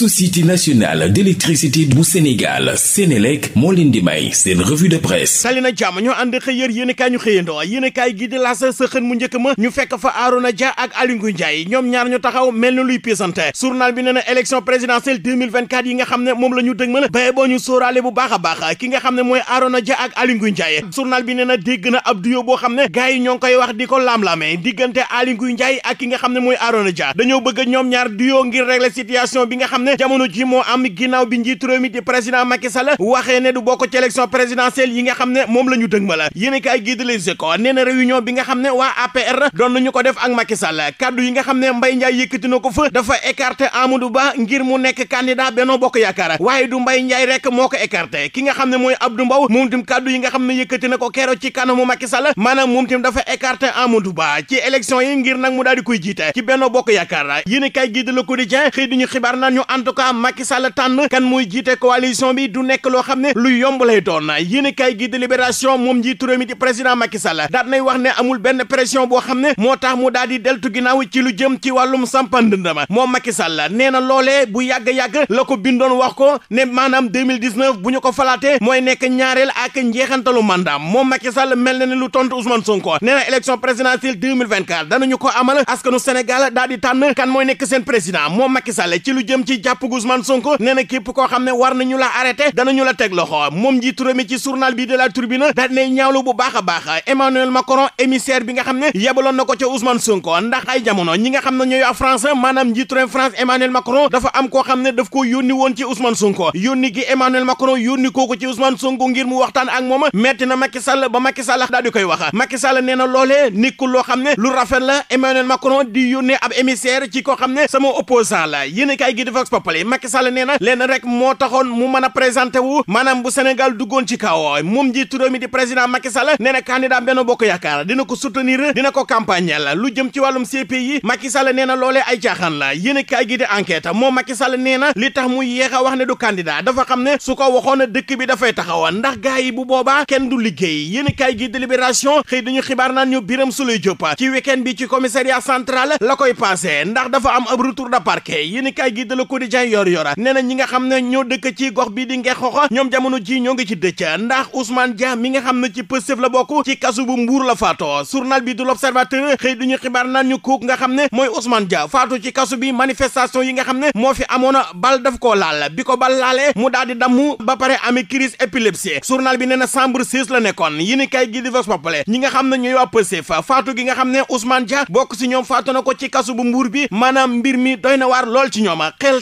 société nationale d'électricité bu Sénégal Sénélec moo leen di may seen revue de presse sali na jàmm ñoo ànd xëy yër yéen i ñu xëyandoo yéen i kaay gi di sa xën mu njëkk ma ñu fekk fa Arouna Dia ak Aliou Ngouille ñoom ñaar ñu taxaw mel na luy pisante journal bi nee na élection présidentielle 2024 yi nga xam ne moom la ñu dëgmal baye boo ñu sóoraale bu baax baax ki nga xam ne mooy Arouna Dia ak Aliou Ngouille Ndiaye bi nee na dégg na ne jamono ji moo am ginnaaw bi njiitu réew mi di waxee ne du bokk ci élection présidentielle yi nga xam ne moom la ñu dëgmal yéen a kaay gii di Les Échos nee na bi nga xam ne waa APR doon nañu ko def ak Macky Sall kaddu yi nga xam ne Mbaye Ndiaye yëkkati na ko fa dafa écarté Amadou Ba ngir mu nekk candidat Benno Bokk Yaakaar waaye du Mbaye Ndiaye rek moo ko écarté ki nga xam ne mooy Abdou Mbow moom tim kaddu yi nga xam ne yëkkati na ko keroog ci kanamu Macky Sall maanaam moom tim dafa écarté mu daal di koy jiite ci Benno Bokk Yaakaar yéen a kaay gii di en tout cas Macky Sall tànn kan muy jiite coalition bi du nekk loo xam ne lu yomb lay doon yéen kay gi de libération moom njiitu réew mi di président Macky Sall daat nay wax ne amul benn pression boo xam ne moo tax mu daal di deltu ginnaaw ci lu jëm ci wàllum sampandëndama moom Macky Sall nee na loole bu yàgg-yàgg la ko bindoon wax ko ne maanaam 2019 bu ñu ko falaatee mooy nekk ñaareel ak njeexantalu mandaam moom Macky Sall mel na ne lu tontu Ousmane Sonko nee na élection présidentielle 2024 danañu ko amal askanu Sénégal daal di tànn kan mooy nekk seen président moom Macky Sall ci lu jëm ci ci jàpp Ousmane Sonko nee na képp xam ne war nañu la arrêté danañu la teg loxo moom ji turamé ci journal bi de la Tribune daal ne ñaawlu bu baax a baax Emmanuel Macron bi nga xam ne yebaloon na ko ca Ousmane Sonko ndax ay jamono ñi nga xam ne ñooy waa France maanaam njiitu réew France Emmanuel Macron dafa am koo xam ne daf ko yónni woon ci Ousmane Sonko yónni gi Emmanuel Macron yónni kooku ci Ousmane Sonko ngir mu waxtaan ak moom metti na Macky Sall ba Macky Sall daal di koy wax Macky Sall nee na loolee nekkul loo xam lu rafet la di yónnee ab émissaire ci koo xam ne sama opposant populi Macky Sall nee na leen rek moo taxoon mu mën a présenté wu maanaam bu Sénégal duggoon ci kaw moom ji turóomi di président Macky Sall nee na candidat Benno Bokk Yaakaar dina ko soutenir dina ko campagne la lu jëm ci wàllum CPI Macky Sall nee na loolee ay caaxaan la yéen kaay gi di enquête moom Macky Sall li tax mu yéex a wax ne du candidat dafa xam ne su ko waxoon dëkk bi dafay taxawa ndax gars yi bu boobaa kenn du liggéey yéen kaay gi di Libération xëy dañu xibaar naan ñu Birame Souleye Diop ci week-end bi ci commissariat central la koy passé ndax dafa am ab retour de parquet quotidien yor yora nee na ñi nga xam ne ñoo dëkk ci gox bii di ngexoxa ñoom jamono ji ñoo ngi ci dëcc ndax Ousmane Dia mi nga xam ne ci Pastef la bokk ci kasu bu mbuur la faatoo journal bi du l'observateur xëy duñu xibaar naan ñu kook nga xam ne mooy Ousmane Dia faatu ci kasu bi manifestation yi nga xam ne moo fi amoon bal daf koo laal bi ko bal laalee mu daal di damm ba pare amee crise épilepsie journal bi nee na chambre 6 la nekkoon yi ni kay gi di Vox Populi ñi nga bi maanaam mbir mi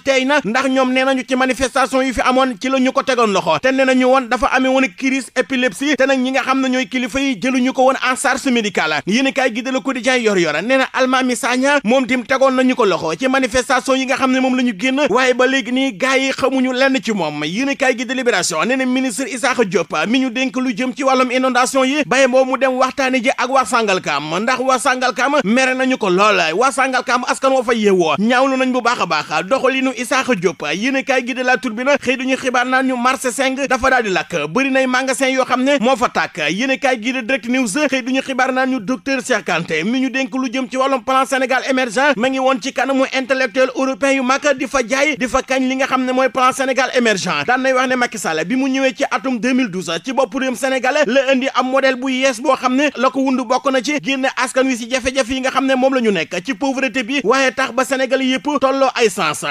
tey na ndax ñoom nee nañu ci manifestation yi fi amoon ci la ñu ko tegoon loxo te nee nañu woon dafa amee woon crise épilepsie te nag ñi nga xam ne ñooy kilifa yi ñu ko woon en charge médicale yéen a kaay gi de Le Quotidien yor yora nee na Almami Sagna moom tim tegoon nañu ko loxo ci manifestation yi nga xam ne moom la ñu génn waaye ba léegi nii gars yi xamuñu lenn ci moom yéen a kaay gi de Libération nee na ministre Isaaxa Diop mi ñu dénk lu jëm ci wàllum inondation yi baye boobu mu dem waxtaane ji ak waa Sàngalkam ndax waa Sàngalkam mere nañu ko lool waa Sàngalkam askan woo fa yeewoo nañ bu baax a baax Isaaxa Diop yéenekaay gi de La Tribune xëy duñu xibaar naan ñu marché Seng dafa daal di lakk bëri nay magasin yoo xam ne moo fa tàkk yéenekaay gi de Direct News xëy duñu xibaar naan ñu docteur Cheikh Kanté mi ñu dénk lu jëm ci wàllum plan Sénégal émergent ma ngi woon ci kanamu intellectuel européen yu mag di fa jaay di fa kañ li nga xam ne mooy plan Sénégal émergent daan nay wax ne Macky Sall bi mu ñëwee ci atum 2012 ci bopp réewum Sénégal la indi am modèle b yees boo xam ne la ko wund bokk na ci génne askan wi si jafe yi nga xam ne moom la ñu nekk ci pauvreté bi waaye tax ba Sénégal yëpp tolloo ay sens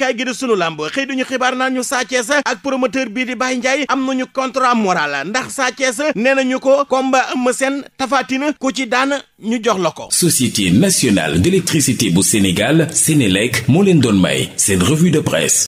kaay gi di sunu làmb xëy duñu xibaar naan ñu saccee Sa Thiès ak promoteur bii di Baye Ndiaye am nañu contrat moral ndax Sa Thiès nee nañu ko combat Eumeu Sène Tapha Tine ku ci daan ñu jox la ko. Société nationale d'électricité bu Sénégal Sénélec moo leen doon may seen revue de presse.